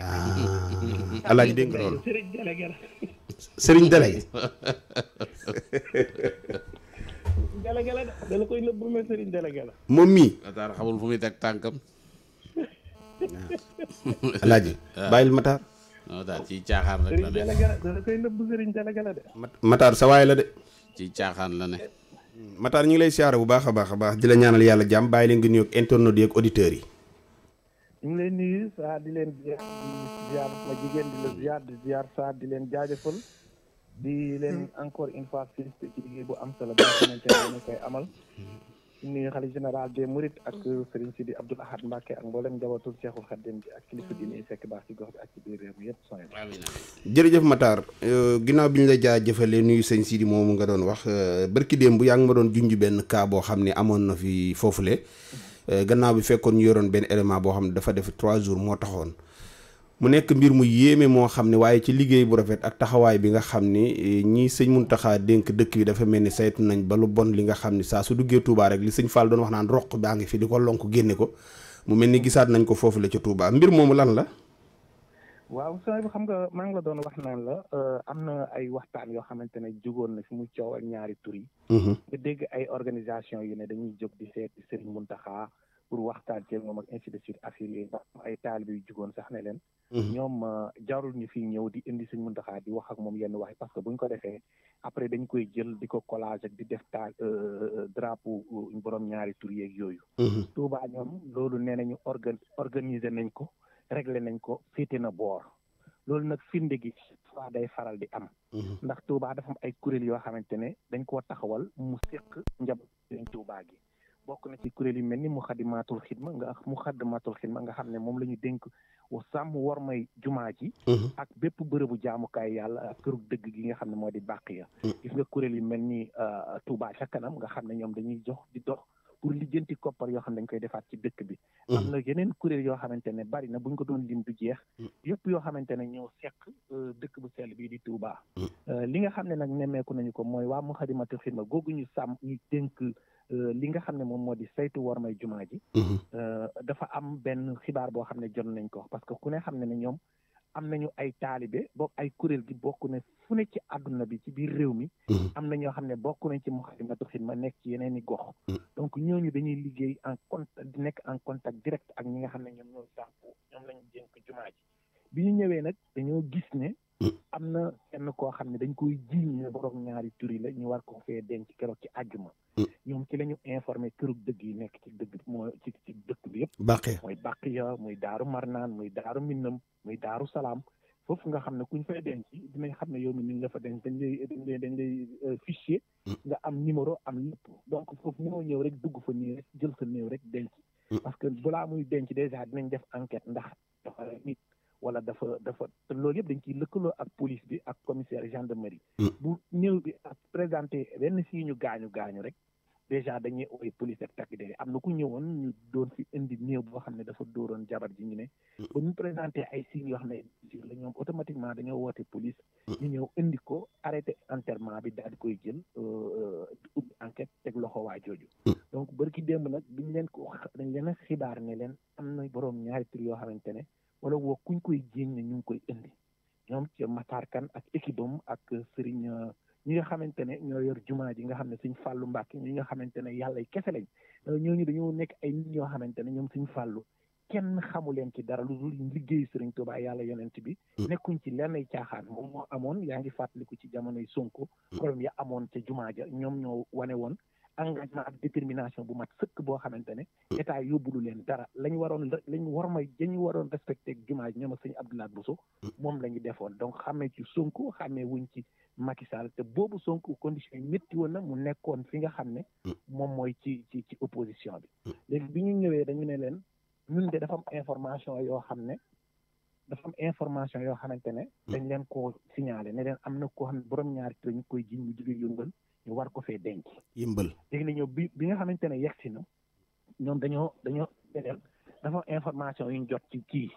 ah alaaji dégg nga la. Serigne Délégué. Délégué la xamul fu muy teg tànkam. alaaji. waaw ah. bàyyil Matar. non daal ci caaxaan la ne. Serigne de. sa waay la de. ci caaxaan la ne. Matar ñu ngi lay siyaare bu baax a baax a baax di la ñaanal yàlla jàmm bàyyi leen nga nuyoog internautes yi ak auditeurs yi. ñu ngi leen nii saa di leen ziar di ziar ma jigéen di la ziar di saa di leen jaajëfal di leen mm-hmm. encore une fois félicité ci bu am solo bi nga xamante koy amal nuyu xalifa général des Mourides ak mm-hmm. Serigne ak mboolem njabootul Cheikhul Khadim bi ak kilifa diine yi fekk baax ci gox bi ak ci biir réew mi yëpp soñ jërëjëf Matar euh, ginnaaw bi ñu la jaajëfalee nuyu sëñ Sidi moomu nga doon wax euh, barki démb yaa ngi ma doon junj benn cas boo xam ne amoon na fi foofule. Mm-hmm. Euh, gannaaw bi fekkoon ñu yoroon benn élément boo xam ne dafa def trois jours moo taxoon mu nekk mbir mu yéeme moo xam ne waaye ci liggéey bu rafet ak taxawaay bi nga xam ni e, ñii sëñ mun Muntaxa dénk dëkk bi dafa mel ni saytu nañ ba lu bon li nga xam ne saa su duggee Touba rek li sëñ Fall doon wax naan roq baa ngi fii di ko lonk génne ko mu mel ni gisaat nañ ko foofu la ca tuubaa mbir moomu lan la waaw sooy bu xam nga man ngi la doon wax naan la euh, am na ay waxtaan yoo xamante ne jugoon na fi mu coow ak ñaari tur yi. Mm-hmm. nga dégg ay organisation yu ne dañuy jóg di seeti Serigne Mountakha pour waxtaan ceeg moom ak ainsi de suite affaire yooyu ndax ay taalib yu jugoon sax ne leen. Mm-hmm. ñoom euh, jarul ñu fi ñëw di indi Serigne Mountakha di wax ak moom yenn wax parce que buñ ko defee après dañ koy jël di ko collage ak di def taal euh, drapeau borom ñaari tur yeeg yooyu. Mm-hmm. Touba ñoom loolu nee nañu organ organiser nañ ko. réglé nañ ko féete na boor loolu nag firnde gi fa day faral di am. Mhm. ndax Touba dafa am ay kuréel yoo xamante ne dañ koo taxawal mu seq njaboot sëriñ Touba gi. bokk na ci kuréel yu mel ni Muxaddamatul Xidma nga Muxaddamatul Xidma nga xam ne moom la ñu dénk wa sàmm war may jumaa ji. Mhm. ak bépp bërëbu jaamukaay yàlla ak këru dëgg gi nga xam ne moo di bàq ya. Mhm. gis nga kuréel yu mel ni euh, Touba ca kanam nga xam ne ñoom dañuy jox di dox. pour lijjanti koppar yoo xam ne dañ koy defaat ci dëkk bi. Mm-hmm. am na yeneen kuréel yoo xamante ne bari na buñ ko doon lim du jeex. Mm-hmm. yëpp yoo xamante ne ñoo seq euh, dëkk bu sell bii di Touba. Mm-hmm. Euh, li nga xam ne nag nemmeeku nañu ko mooy waa Moukhaddamatoul Khidma googu ñu sàmm ñu dénk euh, li nga xam ne moom moo di saytu war may jumaa ji. dafa am benn xibaar boo xam ne jot nañ ko parce que ku ne xam ne na ñoom. am nañu ay taalibe bokk ay kuréel gi bokk na fu ne ci àdduna bi ci biir réew mi mm-hmm. am na ñoo xam ne bokk nañ ci Moukhaddamatoul Khidma nekk ci yeneen i gox mm-hmm. donc ñooñu dañuy liggéey en contact di nekk en contact direct ak ñi nga xam ne ñoom ñoo sàmp ñoom lañu jënk jumaa ji bi ñu ñëwee nag dañoo gis ne am na kenn koo xam ne dañ koy jiiñ ne borom ñaari turi la ñu war ko fee denc keroog ci àjjuma mm. ñoom ci la ñu informé këru dëgg yi nekk ci dëgg mooy ci ci dëkk yëpp bàqe muy bàq ya muy daaru marnaan muy daaru minnam muy daaru salaam foofu nga xam ne kuñ fay denc dinañ xam ne yow mi ni nga fa denc dañ lay dañ lay dañ euh, fichier mm. nga am numéro am lépp donc foofu mënoo ñëw rek dugg fa nii rek jël sa néew rek denc mm. parce que balaa muy denc dèjà dinañ def enquête ndax dafa nit wala dafa dafa te loolu yëpp dañ ciy lëkkaloo ak police bi ak commissaire gendarmerie. Mm. bu ñëw bi ak présenté benn si ñu gaañu gaañu rek déjà dañuy ooy police ak takk der am na ku ñëwoon ñu doon fi indi néew boo xam ne dafa dóoroon jabar ji ñu ne. Mm. ba ñu présenté ay signes yoo xam ne signes la ñoom automatiquement dañoo woote police. Mm. ñu ñëw indi ko arrêté enterrement bi daal di koy jël euh, euh, ubbi enquête teg loxo waa jooju. donc ki démb nag biñ leen ko dañ leen xibaar ne leen am na borom ñaari tur yoo xamante ne. wala woo kuñ koy jiiñ ne ñu ngi koy indi ñoom ci Matar ak équipe ak sëriñ ñu nga xamante ne ñoo yor jumaa ji nga xam ne suñ fàllu Mbàkke ñi nga xamante ne yàlla y kese lañ euh, ñooñu dañoo nekk ay nit ñoo xamante ne ñoom suñ fàllu kenn xamu leen ci dara lu dul liggéey sëriñ Tuubaa yàlla yonent bi mm. nekkuñ ci lenn ay caaxaan moom moo amoon yaa ngi fàttaliku ci jamonoy Sonko problème mm. ya amoon ca jumaa ja ñoom ñoo wane woon engagement ak détermination bu mat sëkk boo xamante ne état yóbbulu leen dara lañ waroon lañ war may dañu waroon respecté jumaa ñoom ak sëñ bu Bousso moom la ñu defoon donc xamee ci Sonko xamee wuñ ci Macky te boobu Sonko condition yi métti woon mu nekkoon fi nga xam ne moom mooy ci ci ci opposition bi léegi bi ñu ñëwee dañu ne leen ñun de dafa am information yoo xam ne dafa am information yoo xamante ne dañ leen koo signalé ne leen am na koo xam ne borom ñaari ñu koy jiñ mu jóge yëngal ñu war ko fee denc. yëmbal léegi nag ñoom bi bi nga xamante ne yegg si na ñoom dañoo dañoo dafa information yu ñu jot ci kii.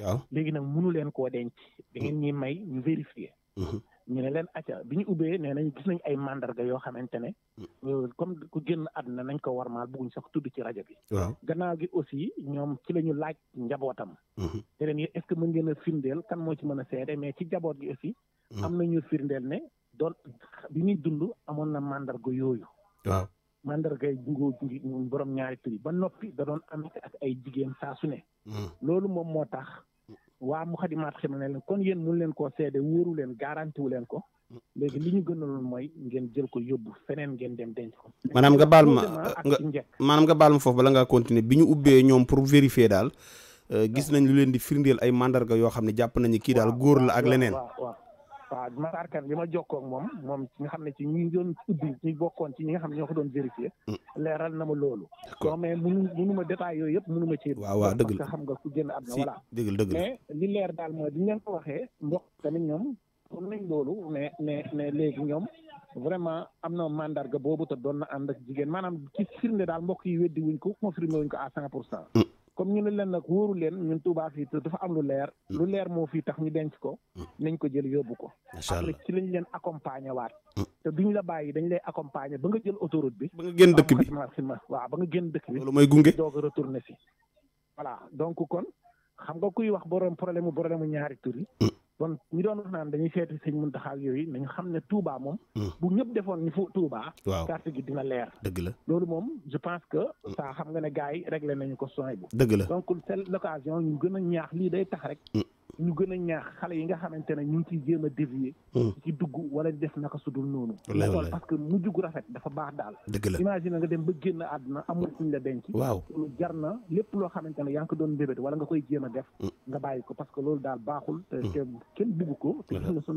waaw léegi nag mënu leen koo denc. da ngeen ñuy may ñu vérifier. Mhm. ñu ne leen acca bi ñu ubbee nee nañ gis nañ ay mandarga yoo xamante ne. Mhm. Euh, comme ku génn àdduna nañ ko war warmaal bëgguñ sax tudd ci rajo bi. waaw gannaaw gi aussi ñoom ci la ñu laaj njabootam. Mhm. te leen est-ce que mën ngeen a firndeel kan moo ci mën a seede mais ci jaboot gi aussi. am nañu firndeel ne doon bi ñuy dund amoon na màndarga yooyu. waaw mandarga yi ngoo ngi borom ñaari tur ba noppi da doon amati ak ay jigéen saa su ne. Hmm. loolu moom moo tax. waa mu xadimaat xam ne leen kon yéen mun leen koo seede wóoru leen garanti wu leen ko. Hmm. léegi li ñu gënaloon mooy ngeen jël ko yóbbu feneen ngeen dem denc ko. maanaam nga baal ma nga maanaam nga baal ma foofu bala ngaa continuer bi ñu ubbee ñoom pour vérifier daal. Euh, gis nañ lu leen di firndeel ay mandarga yoo xam ne jàpp nañu kii daal góor la ak leneen. waaw bi ma arkan bi ma jokkoo ak moom moom ci nga xam ne ci ñi doon ubbi ñi bokkoon ci ñi nga xam ne ñoo ko doon vérifier mm. leeral na ma loolu non mais munu munu ma détail yooyu yëpp munu ma ci waaw waaw dëgg la xam nga ku génn àdduna voilà dëgg dëgg mais li leer daal mooy bi ngeen ko waxee mbokk tamit ñoom kon nañ loolu mais mais mais léegi ñoom vraiment am na mandarga boobu te doon na ànd ak jigéen maanaam ci firnde daal mbokk yi weddi wuñ ko confirmé wuñ ko à cent pour cent mm. comme ñu ne leen nag wóoru leen ñun Touba fii dafa am lu leer. Mm. lu leer moo fii tax ñu denc ko. Mm. nañ ko jël yóbbu ko. macha allah ci lañ leen accompagner waat. Mm. te duñ la bàyyi dañ lay accompagner ba nga jël autoroute bi. ba nga génn dëkk bi waa ba nga génn dëkk bi. loolu mooy gunge doog a retourner si. voilà donc kon xam nga kuy wax borom problème mu problème mu ñaari tur yi. kon ñu doon wax naan dañuy seeti sëñ Muntaxa ak yooyu nañu xam ne Touba moom. Hmm. bu ñëpp defoon ñu fu Touba. waaw carte gi dina leer. dëgg la loolu moom je pense que. saa hmm. xam nga ne gars yi réglé nañu ko sooy bu. dëgg la donc c'est l'occasion ñu gën a ñaax lii day tax rek. Hmm. ñu gën a ñaax xale yi nga xamante ne ñu ngi ciy jéem a dévier hmm. ci dugg wala di def naka su dul noonu loolu parce que mujj gu rafet dafa baax daal dëgg la imagine nga dem ba génn àdduna amul fuñ la denc waaw loolu na lépp loo xamante ne yaa ngi ko doon mbébét wala nga koy jéem a def hmm. nga bàyyi ko parce loolu daal baaxul te hmm. kenn bugg ko te gis dafa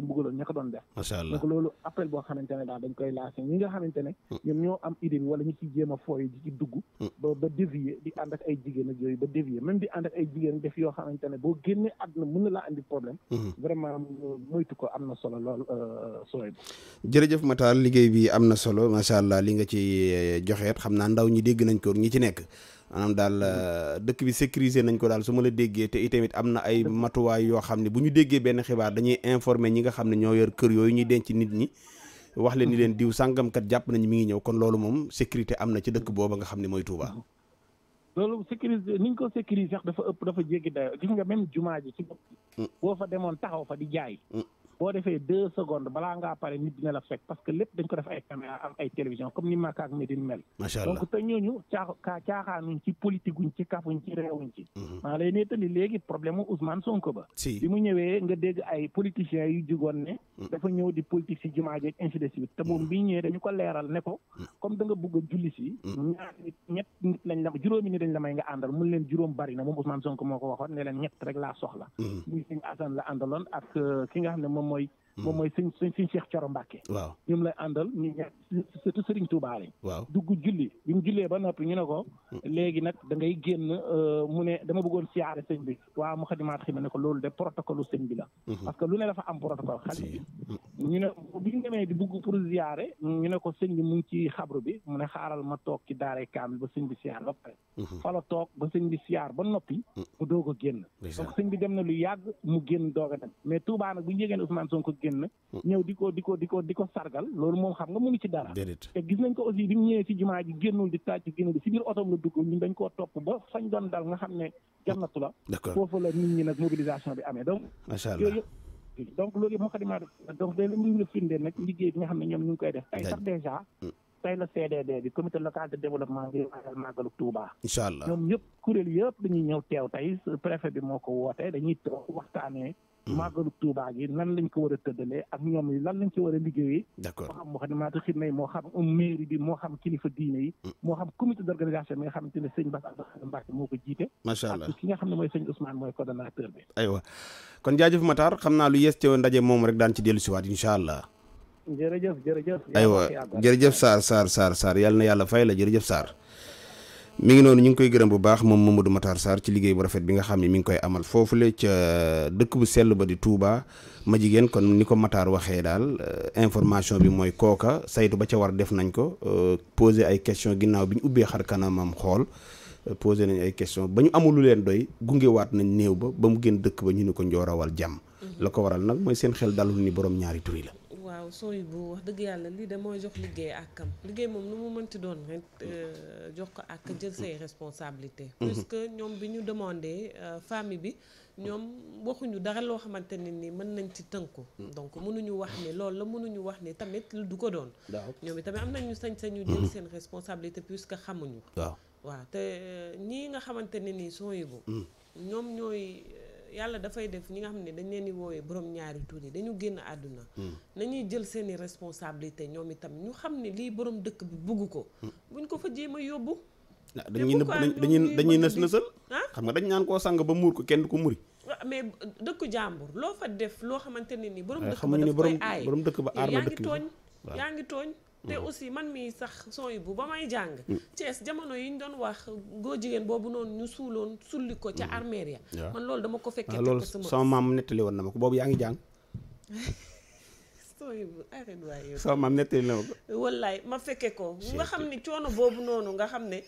mbugaloon ña ko doon def macha loolu appel boo xamante ne daal dañ koy lancé nga xamante ne ñoom ñoo am idée wala ñu ciy jéem a fooy di ci dugg ba ba dévier di ànd ak ay jigéen ak yooyu ba dévier même di ànd ak ay jigéen def yoo xamante ne boo génne àdduna mën na laa andi problème. Mhm. vraiment ko am na solo lool euh, sooy jërëjëf Matar liggéey bi am na solo macha allah li nga ci euh, joxeet xam naa ndaw ñi dégg nañ ko ñi ci nekk. maanaam daal euh, dëkk bi sécuriser nañ ko daal su la déggee te itamit am na ay matuwaay yoo xam ne bu ñu déggee benn xibaar dañuy informer ñi nga xam ne ñoo yor kër yooyu ñuy denc nit ñi wax leen ni mhm. leen diw sàngamkat jàpp nañ mi ngi ñëw kon loolu moom sécurité am na ci dëkk booba nga xam ne mooy Touba. Mhm. loolu sécuriser niñ ko sécuriser sax dafa ëpp dafa jéggi dayo gis nga même jumaa ji ci bopp mm. boo fa demoon taxaw fa di jaay mm. boo defee deux secondes balaa ngaa pare nit dina la fekk parce que lépp dañ ko def ay caméra am ay télévision comme ni Makka ak Medine mel. macha allah donc te ñooñu caa caaxaanuñ ci politique ci kafuñ ci réewuñ ci. Mhm. maa lay nettali léegi problème mu bi ñëwee nga dégg ay politiciens yu jugoon ne. Mm. dafa ñëw di politique si jumaa jeeg ainsi de suite te moom mm. bi ñëwee dañu ko leeral ne ko. Mm. comme da nga bëgg a julli si. ñaar nit ñett nit lañ la juróomi nit dañ la may nga àndal mun leen juróom bari na moom Ousmane Sonko moo ko waxoon ne leen ñett rek laa euh, moom mooy moom mooy sëñ sëñ sëñ Cheikh Coro Mbàkke waaw ñoom lay àndal ñu ñaar surtout Sëriñ Tuubaa dugg julli bi jullee ba noppi ñu ne ko mm. léegi nag da ngay génn euh, mu ne dama bëggoon siyaare sëñ bi waaw mu xadimaat xi ma ne ko loolu de protocole sëñ bi la mm-hmm. parce que lu ne dafa am protocole xale mm. ñu ne bi ñu demee di bugg pour siyaare ñu ne ko sëñ bi mu ngi ci xabru bi mu ne xaaral ma toog ci daaray kaamil ba sëñ bi siyaar ba pare mm-hmm. fa toog ba sëñ bi siyaar ba noppi mm. mu doog a génn sëñ bi dem na lu yàgg mu génn doog dem mais Tuubaa nag bu ñu yégeen Ousmane Sonko génn ñëw di ko di ko di ko di ko sargal loolu moom xam nga mënu ci dara te gis nañ ko aussi bi mu ñëwee si jumaa ji génnul di tàcc génnul si biir otom la dugg ñun dañ koo topp ba fañ doon dal nga xam ne jannatu la foofu la nit ñi nag mobilisation bi amee donc macha allah donc loolu yëpp moo xadimaa donc day liggéey bi nga xam ne ñoom ñu ngi koy def tey sax dèjà mm. tey la CDD bi comité local de développement ngir waajal màggalu Touba. incha allah ñoom ñëpp kuréel yëpp dañuy ñëw teew tey préfet bi moo ko woote dañuy toog waxtaanee. Mm-hmm. màggalu Tuubaa gi nan lañ ko war a tëddalee ak ñoom yi lan lañ ci war a liggéeyee d'accord moo xam moo xam maata xit nay moo xam mairie bi moo xam kilifa diine yi mm. moo xam comité d'organisation bi nga xamante ne sëñ Bass Abdou moo ko jiite macha allah ki nga xam ne mooy sëñ Ousmane mooy coordonnateur bi aywa kon ma taar xam naa lu yees ci ndaje moom rek daan ci dellu siwaat incha allah jërëjëf jërëjëf aywa jërëjëf Sarr Sarr Sarr Sarr yàlla na yàlla fay la jërëjëf saar mi ngi noonu ñu ngi koy gërëm bu baax moom Mamadou Matar Sarr ci liggéey bu rafet bi nga xam ne mi ngi koy amal foofule dëkk bu sell ba di Touba ma jigéen kon ni ko Matar waxee daal euh, information bi mooy kooka saytu ba ca war def nañ ko euh, poser ay question ginnaaw bi ñu ubbee xar kanamam xool euh, posé nañ ay question ba ñu amul leen doy gunge waat nañ néew ba ba mu génn dëkk ba ñu ni ko njoorawal jàmm mm-hmm. la ko waral nag mooy seen xel dalul ni borom ñaari tur la waaw sooy bu wax dëgg yàlla lii de mooy jox liggéey àkkam liggéey moom lu mu mënti doon rek mm. euh, jox ko ak mm. jël say responsabilité mm-hmm. que ñoom bi ñu demandé euh, famille bi ñoom waxuñu dara loo xamante ne ni mën nañ ci tënku mm. donc mënuñu wax ni loolu la mënuñu wax ni tamit du ko doon ñoom itamit am nañu sañ-sañu mm-hmm. jël seen responsabilité puisque xamuñu waaw waaw te euh, ñii nga xamante ne nii sooy bu ñoom ñooy yàlla dafay def ñi nga xam ne dañ leen di woowee borom ñaari tur yi dañu génn àdduna hmm. nañuy jël seen i responsabilité ñoom itam ñu xam ne lii borom dëkk bi bugg ko hmm. bu ñu ko fa jéem a yóbbu dañuy dañuy dañuy nës nësal xam nga dañ naan koo sang ba muur ko kenn du ko muri mais dëkk jàmbur loo fa def loo xamante ne ni borom eh, dëkk ba daf koy aay borom dëkk ba aar na dëkk yaa yaa ngi tooñ te mm. aussi man mii sax son bu ba may jàng mm. Thiès jamono yi ñu doon wax góor jigéen boobu noonu ñu suuloon sulli ko ca mm. armeria man loolu dama ko fekkee ah, loolu sama maam nettali woon na ko boobu yaa ngi jàng sama maam nettali na ma ko wallaay ma fekke ko nga xam ne coono boobu noonu nga xam ne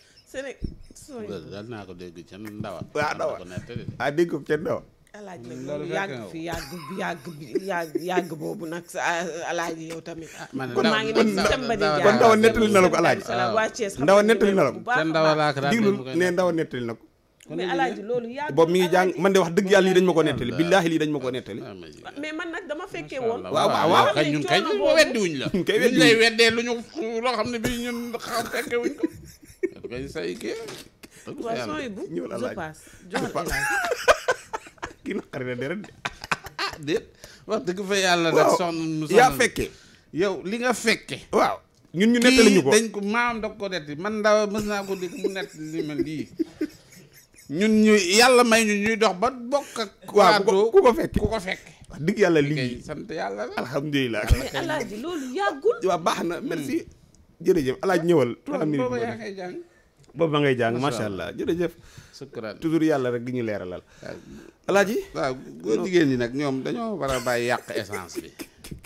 Sénégal dal naa ko dégg ca ndawa waaw ndawa ah dégg ko ca ndawa alaaji nag yàgg fi yàgg yàgg yàgg yàgg boobu nag alaaji yow tamit. Ah, kon maa ngi nekk si càmbari jaar kon ndawa nettali na la ko alaaji. ndawa nettali na la ko. te ndawa laak daal diglu ne ndawa nettali na ko. mais alaaji loolu yàgg boobu mi ngi jàng man de wax dëgg yàlla dañ ma ko nettali billaahi lii dañ ma ko nettali. Ah, mais man nag dama fekke woon. waaw waaw waaw kay ñun kay la. kay weddi wuñ lay weddee lu ñu loo xam ne bii ñun xam fekke wuñ ko. kay say kii. waaw bu je passe kii naqari na deret ah, déet wax dëgg fa yàlla nag soxna mu yaa fekke yow li nga fekke waaw ñun ñu nettali ñu ko dañ ko maam da ko netti man ndaw mës naa ko dégg mu nett li ma lii ñun ñu yàlla may ñu ñuy dox ba bokk ak waaw ku ko fekke ku ko fekke wax dëgg yàlla lii sant yàlla la alhamdulilah alaaji yàggul waaw baax na merci jërëjëf alaaji ñëwal trois minutes booba yaa jàng boobu ba ngay jàng macha allah jërëjëf. sukkuraan toujours yàlla rek di ñu leeralal. alaaji waaw góor jigéen yi nag ñoom dañoo war a bàyyi yàq essence bi.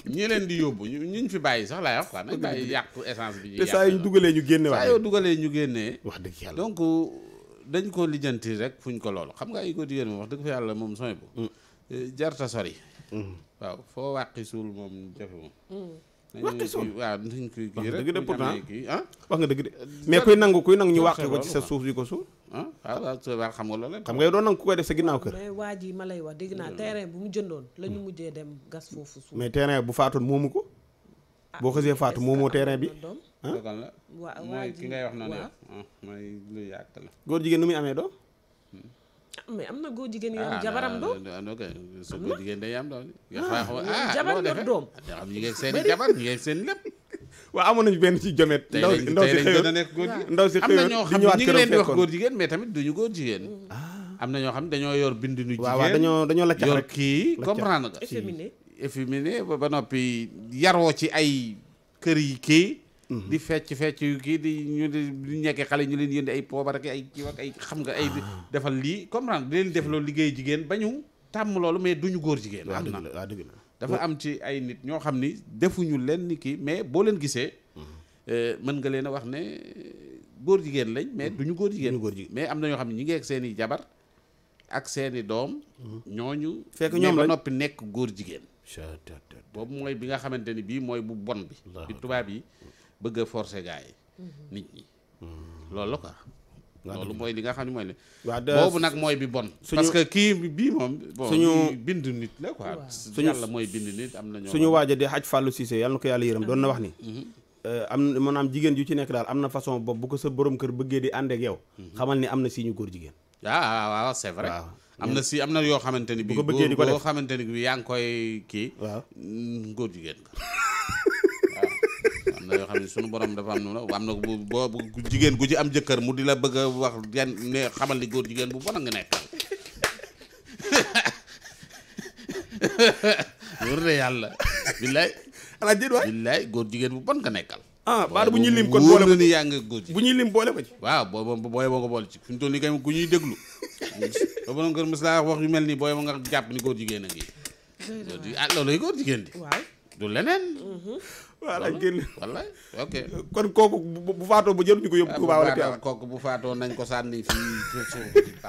ñi leen di yóbbu ñu ñu fi bàyyi sax laa wax quoi nag bàyyi yàq essence bi. ñu dugalee ñu génne waaye saa ñu génnee. wax dëgg yàlla donc dañ ko lijjanti rek fuñ ko loolu xam nga ay góor jigéen moom wax dëgg fa yàlla moom sooy bu. Mm. Eh, jarta sori. Mm. waaw foo wàqi suul moom jafe moom waxtu suuf waaw nañ koy kii rek dëgg de pourtant ah wax nga dëgg de euh, mais kuy nangu kuy nangu ñu wàqi ko ci sa suuf yi ko suuf ah waaw xam nga loolu xam nga doon nangu ku koy def sa ginnaaw kër mais waa ji ma lay wax dégg naa hmm. terrain bu mu jëndoon la ñu hmm. mujjee dem gas foofu suuf mais terrain bu faatoon moomu ko ah, boo xësee faatu moomoo terrain bi ah waaw mooy ki ngay wax noonu ah, mooy lu yàq la góor jigéen nu muy amee doom mais am na góor jigéen yu am ah, jabaram doom am na kay sa am doom ah, jabar yor doom am ah, ñu seen jabar ñu seen lépp waaw amoon nañu benn ci jomet ndaw si ndaw a nekk góor am na ñoo xam ne ñu ngi leen di góor jigéen mais tamit ñu góor jigéen am na ñoo xam ne dañoo yor bind nu jigéen dañoo dañoo la yor kii comprendre nga efféminé efféminé ba noppi yaroo ci ay kër yi kii di fecc fecc yu kii di ñu di ñekkee xale ñu leen yënd ay poobar ak ay kii ay xam nga ay defal lii comprendre di leen def loolu liggéey jigéen ba ñu tàmm loolu mais duñu góor jigéen am na waaw dëgg la dafa am ci ay nit ñoo xam ni defuñu leen ni kii mais boo leen gisee mm-hmm. euh, mën nga leen a wax ne góor jigéen lañ mais mm-hmm. duñu góor jigéen mais am na ñoo xam ne ñi ngi ak seeni i jabar ak seeni i doom mm-hmm. ñooñu fekk ñoom la noppi nekk góor jigéen boobu mooy bi nga xamante ni bii mooy bu bon bi bi tubaab yi bëgg a forcer gars yi. nit ñi loolu la quoi. loolu mooy li nga xam ne mooy li boobu nag mooy bi bon parce que kii bii moom bon suñu bind nit la quoi suñu yàlla mooy bind nit am na suñu waaja di xaj Fallou Cissé yàlla na ko yàlla yërëm doon na wax ni mhm. euh, am maanaam jigéen ju ci nekk daal am na façon bopp bu ko sa borom kër bëggee di ànd ak yow mhm. xamal ni am na si ñu góor jigéen waaw ah, ah, ah, waaw c'est vrai am na si am na yoo xamante ni bi boo xamante ni bi yaa ngi koy kii waaw mm, góor la yoo xam ne suñu borom dafa am noonu am bu boo jigéen gu ci am jëkkër mu di la bëgg a wax yan ne xamal ni góor jigéen bu bon a nga nekk yàlla billaay ala déet waay billaay jigéen bu bon nga nekkal ah baal bu ñuy lim kon boole ni bu ñuy lim boole ko ci waaw boo booy boole ci fi mu toll nii kay ku ñuy déglu ba borom kër mos mel nii booy ba nga jàpp ni góor jigéen a ngi ah, loolu yi góor jigéen di du leneen mm-hmm. waa voilà génn wala ok kon kooku bu faatoo bu jël ñu ko yóbbu ah, Tuubaa wala Tiwaawan kooku bu faatoo nañ ko sànni fii